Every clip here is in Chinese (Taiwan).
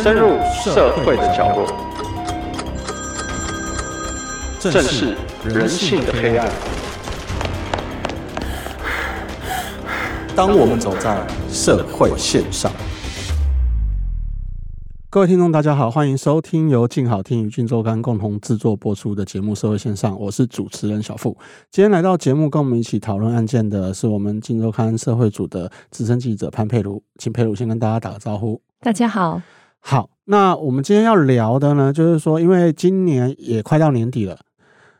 深入社會的角落，正視人性的黑暗。當我們走在社會線上，各位聽眾大家好，歡迎收聽由鏡好聽與鏡週刊共同製作播出的節目《社會線上》，我是主持人小富。今天來到節目，跟我們一起討論案件的是我們鏡週刊社會組的資深記者潘佩如，請佩如先跟大家打個招呼。大家好。好，那我們今天要聊的呢，就是說，因為今年也快到年底了，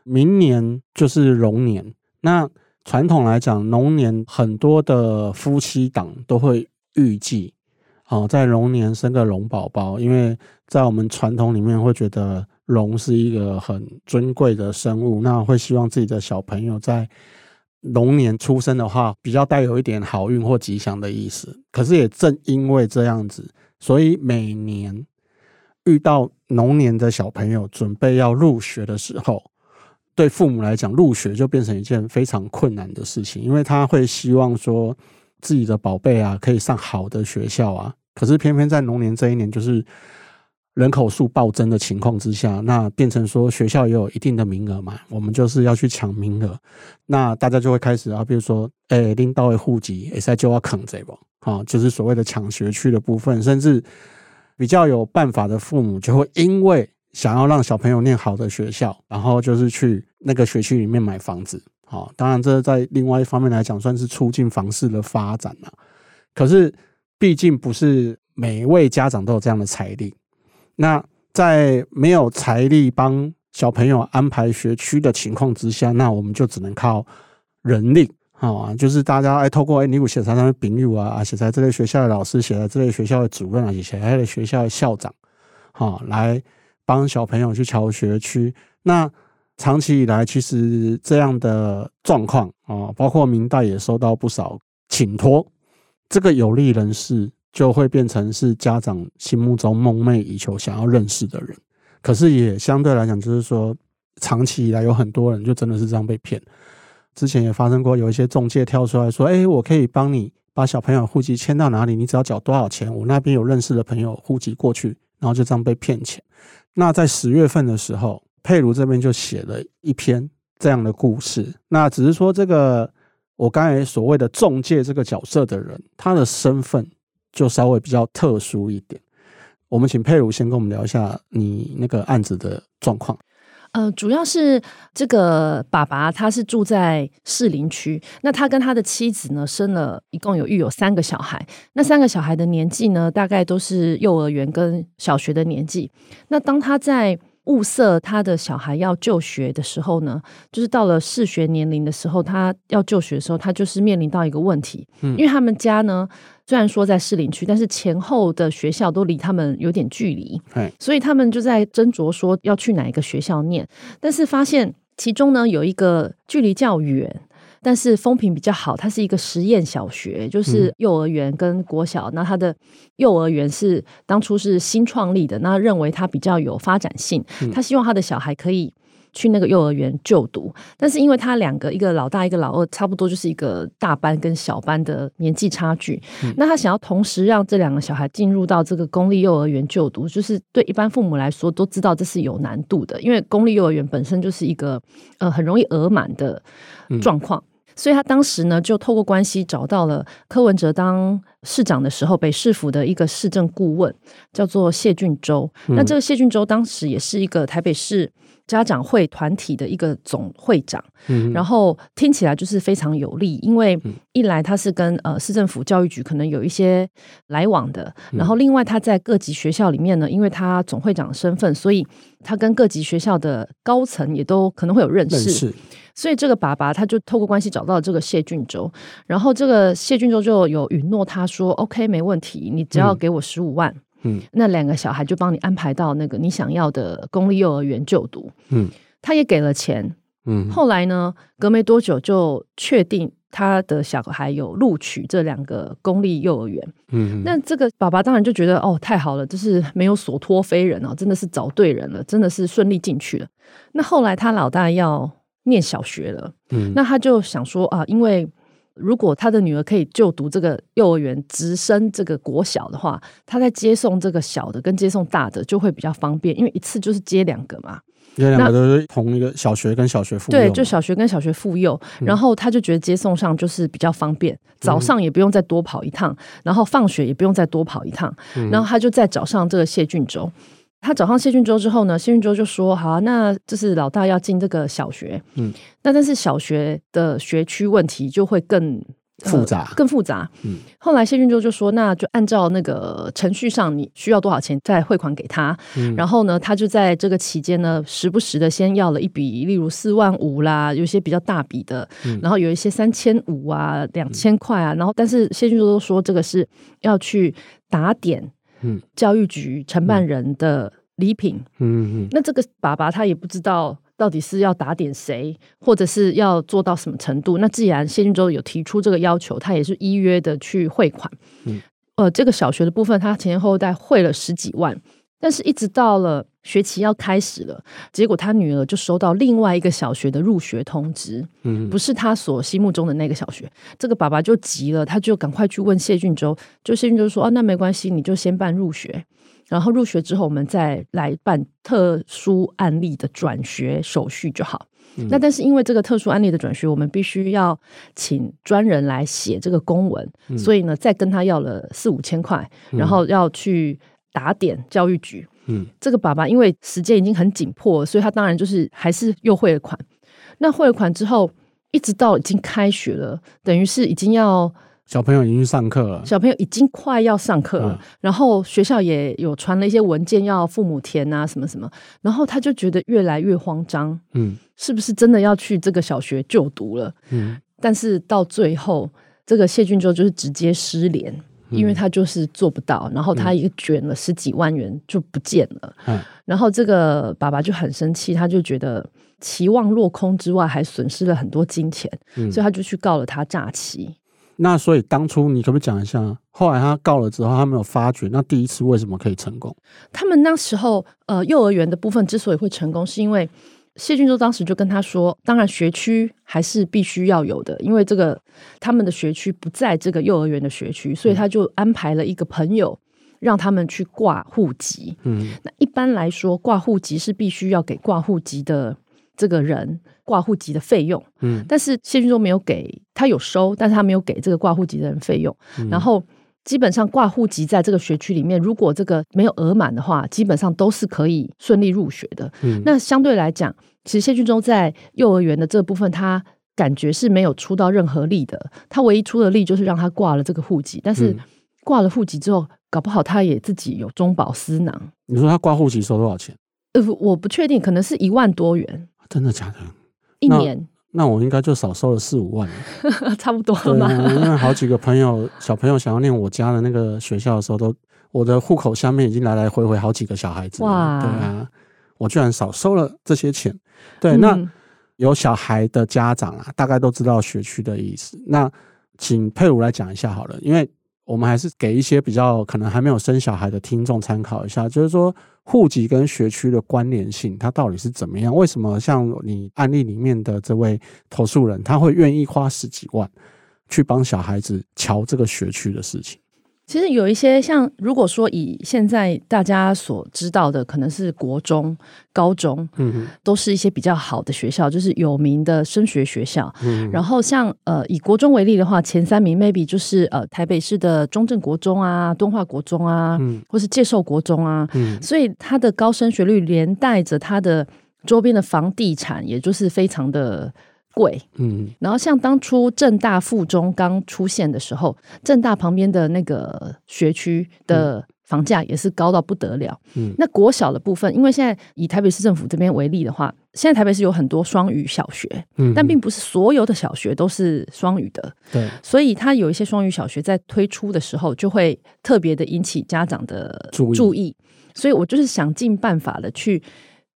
明年就是龍年。那傳統來講，龍年很多的夫妻檔都會預計，好、呃、在龍年生個龍寶寶，因為在我們傳統裡面會覺得龍是一個很尊貴的生物，那會希望自己的小朋友在龍年出生的話，比較帶有一點好運或吉祥的意思。可是也正因為這樣子。所以每年遇到龍年的小朋友準備要入學的時候，對父母來講，入學就變成一件非常困難的事情，因為他會希望說自己的寶貝啊可以上好的學校啊，可是偏偏在龍年這一年，就是人口數暴增的情況之下，那變成說學校也有一定的名額嘛，我們就是要去搶名額，那大家就會開始啊，比如說誒拎到位戶籍，欸，現在就要啃這個。啊，就是所謂的搶學區的部分，甚至比較有辦法的父母就會因為想要讓小朋友念好的學校，然後就是去那個學區裡面買房子。好，當然這在另外一方面來講，算是促進房市的發展了。可是，畢竟不是每一位家長都有這樣的財力。那在沒有財力幫小朋友安排學區的情況之下，那我們就只能靠人力。啊、哦，就是大家哎，透過哎、欸，你有寫在他的朋友啊，寫、啊、在這類學校的老師，寫在這類學校的主任啊，寫在這類學校的校長，好、哦、來幫小朋友去喬學區。那長期以來，其實這樣的狀況啊，包括明代也收到不少請託，這個有力人士就會變成是家長心目中夢寐以求想要認識的人。可是也相對來講，就是說長期以來有很多人就真的是這樣被騙。之前也發生過有一些仲介，跳出來說：“哎、欸，我可以幫你把小朋友戶籍遷到哪裡，你只要繳多少錢，我那邊有認識的朋友戶籍過去，然後就這樣被騙錢。”那在十月份的時候，佩如這邊就寫了一篇這樣的故事。那只是說，這個我剛才所謂的仲介這個角色的人，他的身份就稍微比較特殊一點。我們請佩如先跟我們聊一下你那個案子的狀況。呃，主要是這個爸爸，他是住在士林區。那他跟他的妻子呢，生了一共有育有三個小孩。那三個小孩的年紀呢，大概都是幼兒園跟小學的年紀。那當他在。物色他的小孩要就學的時候呢，就是到了適學年齡的時候，他要就學的時候，他就是面臨到一個問題，因為他們家呢雖然說在士林區，但是前後的學校都離他們有點距離，嗯，所以他們就在斟酌說要去哪一個學校念，但是發現其中呢有一個距離較遠。但是風評比較好，它是一個實驗小學，就是幼兒園跟國小。嗯、那他的幼兒園是當初是新創立的，那認為他比較有發展性，他、嗯、希望他的小孩可以去那個幼兒園就讀。但是因為他兩個，一個老大，一個老二，差不多就是一個大班跟小班的年紀差距，嗯、那他想要同時讓這兩個小孩進入到這個公立幼兒園就讀，就是對一般父母來說都知道這是有難度的，因為公立幼兒園本身就是一個呃很容易額滿的狀況。嗯所以他當時呢，就透過關係找到了柯文哲當市長的時候，北市府的一個市政顧問，叫做謝俊洲。嗯。那這個謝俊洲當時也是一個台北市。家長會團體的一個總會長，嗯，然後聽起來就是非常有利，因為一來他是跟，嗯、呃市政府教育局可能有一些來往的，嗯，然後另外他在各級學校裡面呢，因為他總會長的身份，所以他跟各級學校的高層也都可能會有認識，認識。所以這個爸爸他就透過關係找到了這個謝俊洲，然後這個謝俊洲就有允諾他說，嗯、，OK，沒問題，你只要給我十五萬。嗯嗯，那兩個小孩就幫你安排到那個你想要的公立幼兒園就讀。嗯。他也給了錢。嗯。後來呢，隔沒多久就確定他的小孩有錄取這兩個公立幼兒園。嗯。那這個爸爸當然就覺得哦，太好了，就是沒有所托非人哦，真的是找對人了，真的是順利進去了。那後來他老大要念小學了，嗯，那他就想說啊，因為。如果他的女兒可以就讀這個幼兒園直升這個國小的話，他在接送這個小的跟接送大的就會比較方便，因為一次就是接兩個嘛。接兩個都是同一個小學跟小學附幼嗎？對，就小學跟小學附幼，嗯，然後他就覺得接送上就是比較方便，早上也不用再多跑一趟，然後放學也不用再多跑一趟，然後他就在早上這個謝俊州。他找上謝俊洲之後呢，謝俊洲就說：“好、啊，那就是老大要進這個小學，嗯，那但是小學的學區問題就會更、呃、複雜，更複雜。”嗯，後來謝俊洲就說：“那就按照那個程序上，你需要多少錢再匯款給他、嗯？然後呢，他就在這個期間呢，時不時的先要了一筆，例如四萬五啦，有一些比較大筆的、嗯，然後有一些三千五啊、兩千塊啊、嗯，然後但是謝俊洲都說這個是要去打點。”嗯，教育局承辦人的禮品，嗯，那這個爸爸他也不知道到底是要打點誰，或者是要做到什麼程度。那既然謝俊州有提出這個要求，他也是依約的去匯款。嗯，呃，這個小學的部分，他前前後後代匯了十幾萬，但是一直到了，學期要開始了，結果他女兒就收到另外一個小學的入學通知，不是他所心目中的那個小學，這個爸爸就急了，他就趕快去問謝俊洲，就謝俊洲說，啊，那沒關係，你就先辦入學，然後入學之後我們再來辦特殊案例的轉學手續就好。嗯。那但是因為這個特殊案例的轉學，我們必須要請專人來寫這個公文，嗯，所以呢，再跟他要了四五千塊，然後要去打點教育局。嗯，這個爸爸因為時間已經很緊迫，所以他當然就是還是又匯了款。那匯了款之後，一直到已經開學了，等於是已經要小朋友已經去上課了，小朋友已經快要上課了，啊。然後學校也有傳了一些文件要父母填啊，什麼什麼。然後他就覺得越來越慌張，嗯，是不是真的要去這個小學就讀了？嗯，但是到最後，這個謝俊洲就是直接失聯。因為他就是做不到，然後他一個捲了十幾萬元就不見了，嗯，然後這個爸爸就很生氣，他就覺得期望落空之外，還損失了很多金錢，嗯，所以他就去告了他詐欺。那所以當初你可不可以講一下，後來他告了之後，他沒有發覺，那第一次為什麼可以成功？他們那時候呃，幼兒園的部分之所以會成功，是因為。謝俊洲當時就跟他說：“當然學區還是必須要有的，因為這個他們的學區不在這個幼兒園的學區，所以他就安排了一個朋友讓他們去掛戶籍。嗯，那一般來說掛戶籍是必須要給掛戶籍的這個人掛戶籍的費用。嗯，但是謝俊洲沒有給，他有收，但是他沒有給這個掛戶籍的人費用。然後。嗯”基本上掛戶籍在這個學區裡面，如果這個沒有額滿的話，基本上都是可以順利入學的。嗯，那相對來講，其實謝俊忠在幼兒園的這部分，他感覺是沒有出到任何力的。他唯一出的力就是讓他掛了這個戶籍，但是掛了戶籍之後，嗯，搞不好他也自己有中飽私囊。你說他掛戶籍收多少錢？呃，我不確定，可能是一萬多元，啊，真的假的？一年。那我應該就少收了四五萬， 差不多嘛。對、啊，因為好幾個朋友、小朋友想要念我家的那個學校的時候都，都我的戶口下面已經來來回回好幾個小孩子了。哇！對啊，我居然少收了這些錢。對、嗯，那有小孩的家長啊，大概都知道學區的意思。那請佩武來講一下好了，因為。我們還是給一些比較可能還沒有生小孩的聽眾參考一下，就是說戶籍跟學區的關聯性，它到底是怎麼樣？為什麼像你案例裡面的這位投訴人，他會願意花十幾萬去幫小孩子喬這個學區的事情？其實有一些像，如果說以現在大家所知道的，可能是國中、高中，嗯，都是一些比較好的學校，就是有名的升學學校。嗯，嗯，然後像呃，以國中為例的話，前三名 maybe 就是呃，台北市的中正國中啊，敦化國中啊，嗯，或是介壽國中啊，嗯，嗯，所以它的高升學率連帶着它的周邊的房地產，也就是非常的，貴，嗯，然後像當初政大附中剛出現的時候，政大旁邊的那個學區的房價也是高到不得了，嗯，那國小的部分，因為現在以台北市政府這邊為例的話，現在台北市有很多雙語小學，嗯，但並不是所有的小學都是雙語的，對、嗯，所以它有一些雙語小學在推出的時候，就會特別的引起家長的注意，所以我就是想盡辦法的去。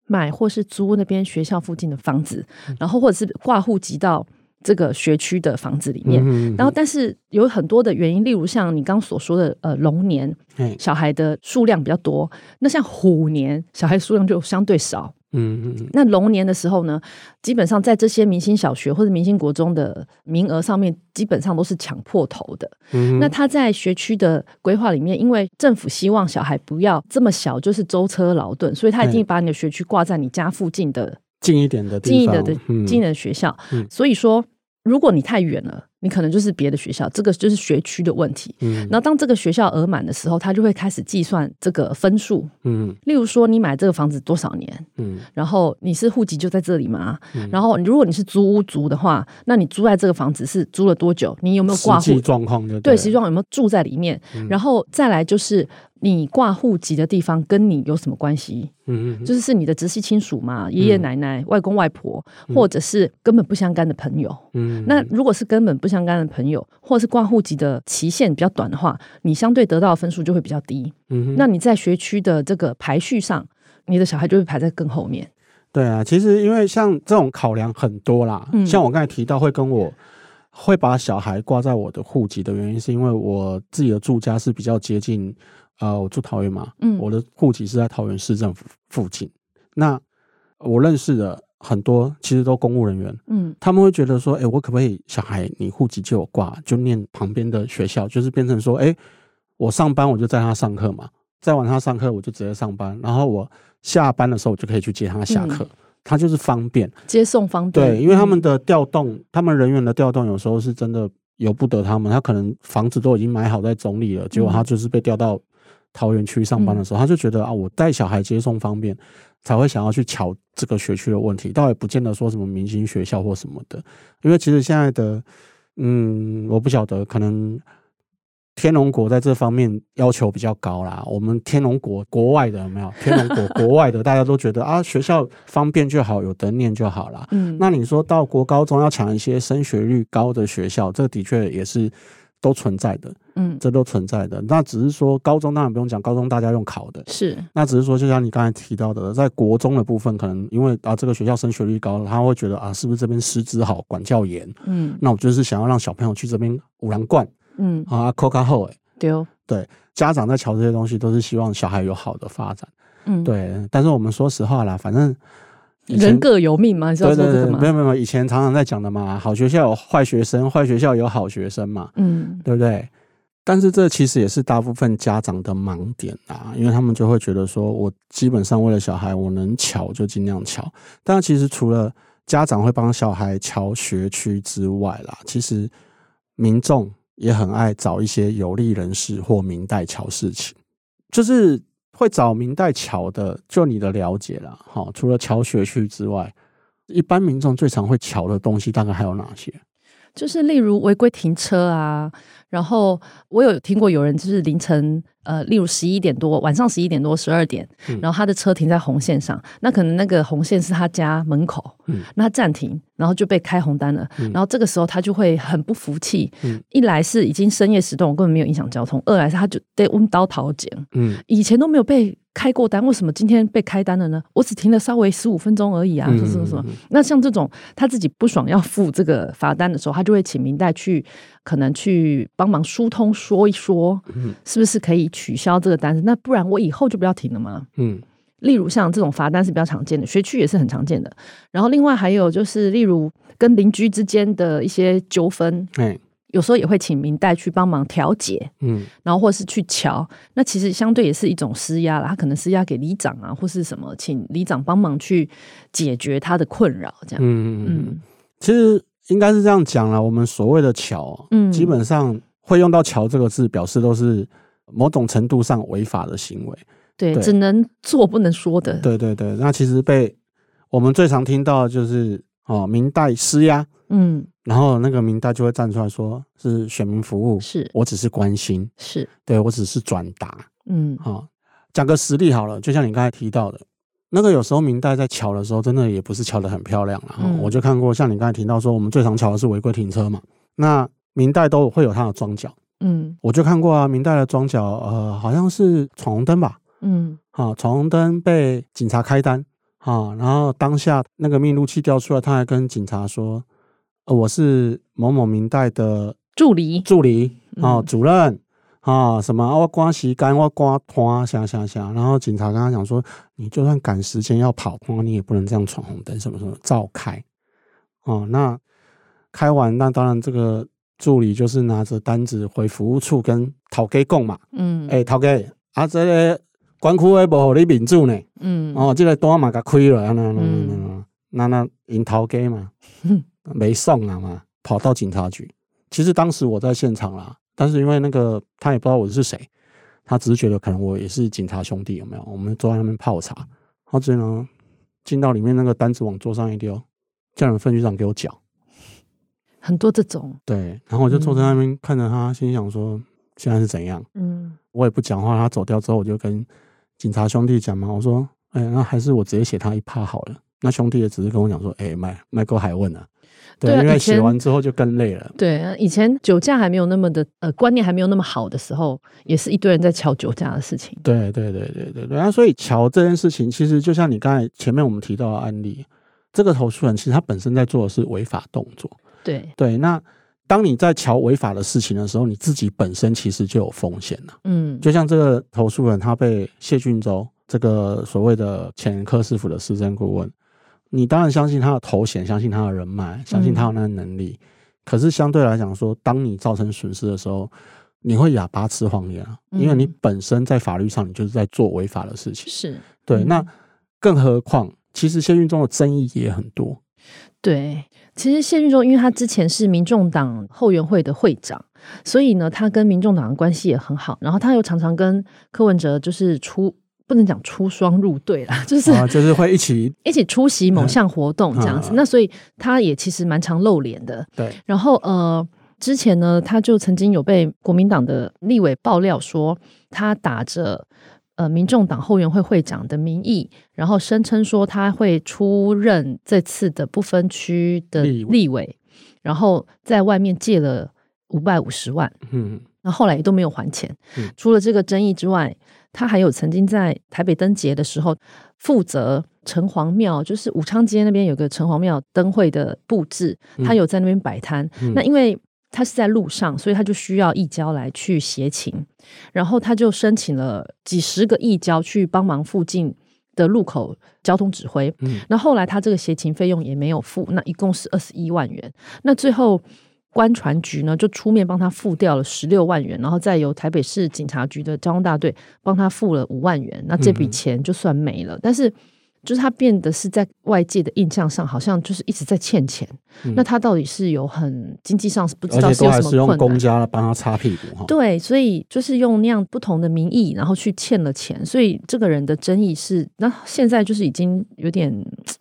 買或是租那邊學校附近的房子，然後或者是掛戶籍到這個學區的房子裡面。然後，但是有很多的原因，例如像你剛所說的，呃，龍年，小孩的數量比較多；那像虎年，小孩數量就相對少。嗯嗯，那龍年的時候呢，基本上在這些明星小學或者明星國中的名額上面，基本上都是搶破頭的。嗯，那他在學區的規劃裡面，因為政府希望小孩不要這麼小就是舟車勞頓，所以他一定把你的學區掛在你家附近的近一點的地方，近一點的近的學校。嗯嗯。所以說，如果你太遠了，你可能就是別的學校，這個就是學區的問題。嗯，然後當這個學校額滿的時候，他就會開始計算這個分數。嗯，例如說你買這個房子多少年，嗯，然後你是戶籍就在這裡嗎？嗯，然後如果你是租屋租的話，那你租在這個房子是租了多久？你有沒有掛戶狀況？對，實際上有沒有住在裡面？嗯，然後再來就是。你掛戶籍的地方跟你有什麼關係？嗯，就是你的直系親屬嘛，爺爺奶奶、嗯、外公外婆、嗯，或者是根本不相干的朋友。嗯，那如果是根本不相干的朋友，或者是掛戶籍的期限比較短的話，你相對得到的分數就會比較低。嗯哼，那你在學區的這個排序上，你的小孩就會排在更後面。對啊，其實因為像這種考量很多啦。嗯、像我剛才提到會跟我會把小孩掛在我的戶籍的原因，是因為我自己的住家是比較接近。啊、呃，我住桃園嘛，嗯，我的戶籍是在桃園市政府附近。那我認識的很多其實都公務人員，嗯，他們會覺得說，哎，欸，我可不可以小孩你戶籍借我掛，就念旁邊的學校，就是變成說，哎，欸，我上班我就載他上課嘛，在晚上上課我就直接上班，然後我下班的時候我就可以去接他下課，嗯，他就是方便接送方便。對，因為他們的調動，嗯，他們人員的調動有時候是真的由不得他們，他可能房子都已經買好在總理了，嗯，結果他就是被調到。桃園區上班的時候，他就覺得啊，我帶小孩接送方便，才會想要去瞧這個學區的問題，倒也不見得說什麼明星學校或什麼的。因為其實現在的，嗯，我不曉得，可能天龍國在這方面要求比較高啦。我們天龍國國外的有沒有？天龍國 國外的大家都覺得啊，學校方便就好，有得念就好啦。嗯。 那你說到國高中要搶一些升學率高的學校，這的確也是，都存在的，嗯，這都存在的。那只是說高中當然不用講，高中大家用考的，是。那只是說，就像你剛才提到的，在國中的部分，可能因為啊，這個學校升學率高，他會覺得啊，是不是這邊師資好，管教嚴，嗯。那我就是想要讓小朋友去這邊五蘭冠，嗯啊，Coca 後哎，對，對，家長在瞧這些東西，都是希望小孩有好的發展，嗯，對。但是我們說實話啦，反正。人各有命嘛，是不是？沒有沒有，以前常常在講的嘛，好學校有壞學生，壞學校有好學生嘛，嗯，對不對？但是這其實也是大部分家長的盲點啊，因為他們就會覺得說，我基本上為了小孩，我能喬就儘量喬。但其實除了家長會幫小孩喬學區之外啦，其實民眾也很愛找一些有力人士或民代喬事情，就是。會找民代喬的，就你的了解啦，好、哦，除了喬學區之外，一般民眾最常會喬的東西大概還有哪些？就是例如違規停車啊。然後我有聽過有人就是凌晨呃，例如十一點多，晚上十一點多、十二點、嗯，然後他的車停在紅線上，那可能那個紅線是他家門口，嗯、那他暫停，然後就被開紅單了、嗯。然後這個時候他就會很不服氣，嗯、一來是已經深夜時段，我根本沒有影響交通；，嗯、二來是他就得溫刀討井，以前都沒有被開過單，為什麼今天被開單了呢？我只停了稍微十五分鐘而已啊，就是什麼,什麼、嗯嗯嗯？那像這種他自己不爽要付這個罰單的時候，他就會請民代去。可能去幫忙疏通說一說，是不是可以取消這個單子？嗯、那不然我以後就不要停了嘛、嗯。例如像這種罰單是比較常見的，學區也是很常見的。然後另外還有就是，例如跟鄰居之間的一些糾紛、嗯，有時候也會請民代去幫忙調解、嗯，然後或是去喬，那其實相對也是一種施壓了，他可能施壓給里長啊，或是什麼，請里長幫忙去解決他的困擾，這樣。嗯嗯，其實。應該是這樣講了，我們所謂的“喬”，嗯，基本上會用到“喬”這個字，表示都是某種程度上違法的行為，對。對，只能做不能說的。對對對，那其實被我們最常聽到的就是哦，民代施壓，嗯，然後那個民代就會站出來說是選民服務，是我只是關心，是對我只是轉達，嗯，好、哦，講個實例好了，就像你剛才提到的。那個有時候民代在喬的時候，真的也不是喬得很漂亮了、嗯。我就看過，像你剛才提到說，我們最常喬的是違規停車嘛。那民代都會有他的樁腳，嗯，我就看過啊，民代的樁腳，呃，好像是闖紅燈吧，嗯，好、哦，闖紅燈被警察開單，啊、哦，然後當下那個密錄器掉出來，他還跟警察說，呃、我是某某民代的助理助理啊、哦、主任。嗯啊、哦，什麼啊我趕時間，我趕拖，啥啥啥然後警察跟他講說，你就算趕時間要跑，光你也不能這樣闖紅燈，等什麼什麼照開。哦，那開完，那當然這個助理就是拿着單子回服務處跟頭家講嘛。嗯，誒頭家啊，這個管區誒不互你面子呢。嗯，哦，這個單嘛給開了，那那那那那用頭家嘛，沒送了嘛跑到警察局。其實當時我在現場啦。但是因為那個他也不知道我是誰，他只是覺得可能我也是警察兄弟，有沒有？我們坐在那邊泡茶，他只能進到裡面那個單子往桌上一丟，叫你們分局長給我講。很多這種。對，然後我就坐在那邊、嗯、看着他，心裡想說現在是怎樣？嗯，我也不講話。他走掉之後，我就跟警察兄弟講嘛，我說：“哎、欸，那還是我直接寫他一趴好了。”那兄弟也只是跟我講說：“哎、欸，麥麥哥還問呢、啊。”對，對、啊，因為寫完之後，就更累了。對、啊，以前酒駕還沒有那麼的呃觀念還沒有那麼好的時候，也是一堆人在喬酒駕的事情。對，對，對，對，對，對。那所以喬這件事情，其實就像你剛才前面我們提到的案例，這個投訴人其實他本身在做的是違法動作。對，對。那當你在喬違法的事情的時候，你自己本身其實就有風險了。嗯，就像這個投訴人，他被謝俊舟這個所謂的前柯市府的市政顧問。你當然相信他的頭銜，相信他的人脈，相信他有那個能力。嗯、可是相對來講說，當你造成損失的時候，你會啞巴吃黃連、嗯，因為你本身在法律上你就是在做違法的事情。是對。那更何況，其實謝運中的爭議也很多。對，其實謝運中，因為他之前是民眾黨後援會的會長，所以呢，他跟民眾黨的關係也很好。然後他又常常跟柯文哲就是出。不能講出雙入對啦，就是、哦、就是會一起 一起出席某項活動這樣子，嗯嗯嗯。那所以他也其實蠻常露臉的。對，然後呃，之前呢，他就曾經有被國民黨的立委爆料說，他打着呃，民眾黨後援會會長的名義，然後聲稱說他會出任這次的不分區的立委立立，然後在外面借了五百五十萬，嗯，那後來也都沒有還錢。嗯。除了這個爭議之外。他還有曾經在台北燈節的時候負責城隍廟，就是武昌街那邊有個城隍廟燈會的布置，他有在那邊擺攤。嗯、那因為他是在路上，所以他就需要義交來去協勤，然後他就申請了幾十個義交去幫忙附近的路口交通指揮。那、嗯、後來他這個協勤費用也沒有付，那一共是二十一萬元。那最後。官船局呢，就出面幫他付掉了十六萬元，然後再由台北市警察局的交通大隊幫他付了五萬元，那這筆錢就算沒了，嗯。但是，就是他變得是在外界的印象上，好像就是一直在欠錢。嗯、那他到底是有很經濟上是不知道是有什麼困難用公家幫他擦屁股哈？對，所以就是用那樣不同的名義，然後去欠了錢。所以這個人的爭議是，那現在就是已經有點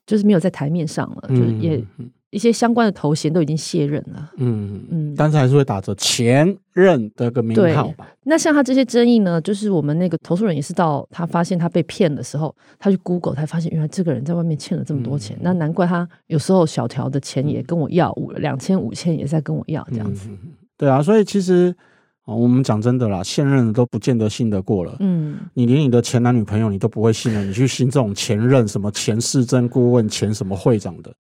就是沒有在台面上了，嗯、就是也。一些相關的頭銜都已經卸任了，嗯嗯，但是還是會打着前任的個名號吧。那像他這些爭議呢，就是我們那個投訴人也是到他發現他被騙的時候，他去 Google 才發現原來這個人在外面欠了這麼多錢。嗯、那難怪他有時候小條的錢也跟我要五兩千五千也在跟我要這樣子，嗯嗯。對啊，所以其實、哦、我們講真的啦，現任都不見得信得過了。嗯，你連你的前男女朋友你都不會信任，你去信這種前任什麼前市政顧問、前什麼會長的。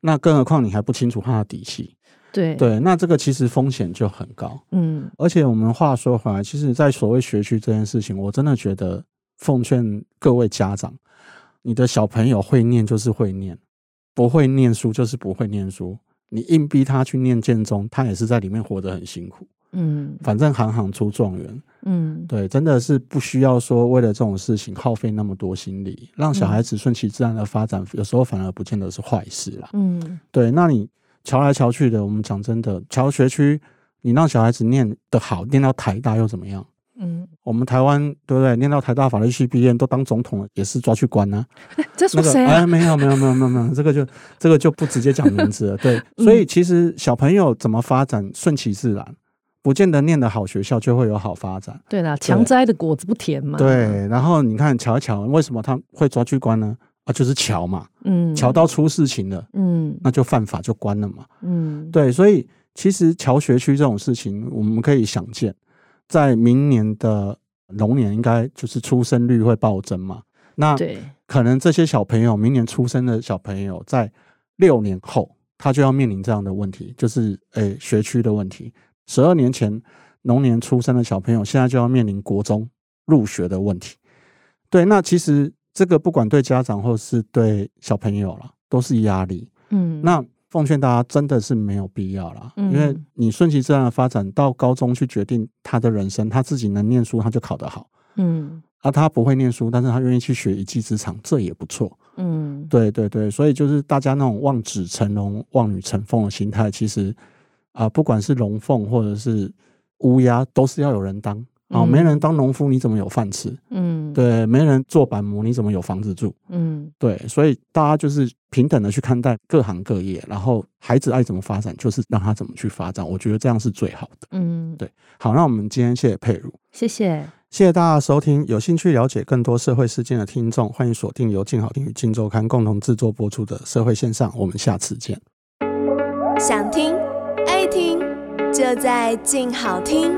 那更何況你還不清楚他的底氣，對對，那這個其實風險就很高，嗯，而且我們話說回來，其實，在所謂學區這件事情，我真的覺得奉勸各位家長，你的小朋友會念就是會念，不會念書就是不會念書，你硬逼他去念建中，他也是在裡面活得很辛苦。嗯，反正行行出狀元。嗯，對，真的是不需要說為了這種事情耗費那麼多心力，讓小孩子順其自然的發展，嗯、有時候反而不見得是壞事啦。嗯，對。那你瞧來瞧去的，我們講真的，瞧學區，你讓小孩子念得好，念到台大又怎麼樣？嗯，我們台灣對不對？念到台大法律系畢業都當總統了，也是抓去關呢、啊。這是誰、啊那個？哎，沒有沒有沒有沒有沒有，這個就這個就不直接講名字了。 對，所以其實小朋友怎麼發展，順其自然。不見得念的好學校就會有好發展。對啦，強摘的果子不甜嘛。對，然後你看喬一喬，為什麼他會抓去關呢？啊，就是喬嘛，嗯，喬到出事情了，嗯，那就犯法就關了嘛，嗯，對，所以其實喬學區這種事情，我們可以想見，在明年的龍年，應該就是出生率會暴增嘛。那對，可能這些小朋友明年出生的小朋友，在六年後，他就要面臨這樣的問題，就是誒、欸、學區的問題。十二年前，龍年出生的小朋友，現在就要面臨國中入學的問題。對，那其實這個不管對家長或是對小朋友啦，都是壓力。嗯，那奉勸大家真的是沒有必要啦、嗯，因為你順其自然的發展到高中去決定他的人生，他自己能念書他就考得好。嗯，而、啊、他不會念書，但是他願意去學一技之長，這也不錯。嗯，對對對，所以就是大家那種望子成龍、望女成鳳的心態，其實。啊、呃，不管是龍鳳或者是烏鴉，都是要有人當啊、嗯！沒人當農夫，你怎麼有飯吃？嗯，對，沒人做板模，你怎麼有房子住？嗯，對，所以大家就是平等的去看待各行各業，然後孩子愛怎麼發展，就是讓他怎麼去發展。我覺得這樣是最好的。嗯，對。好，那我們今天謝謝佩茹，謝謝，謝謝大家收聽。有興趣了解更多社會事件的聽眾，歡迎鎖定由鏡好聽與鏡週刊共同製作播出的社會線上。我們下次見。想聽。就在靜好聽。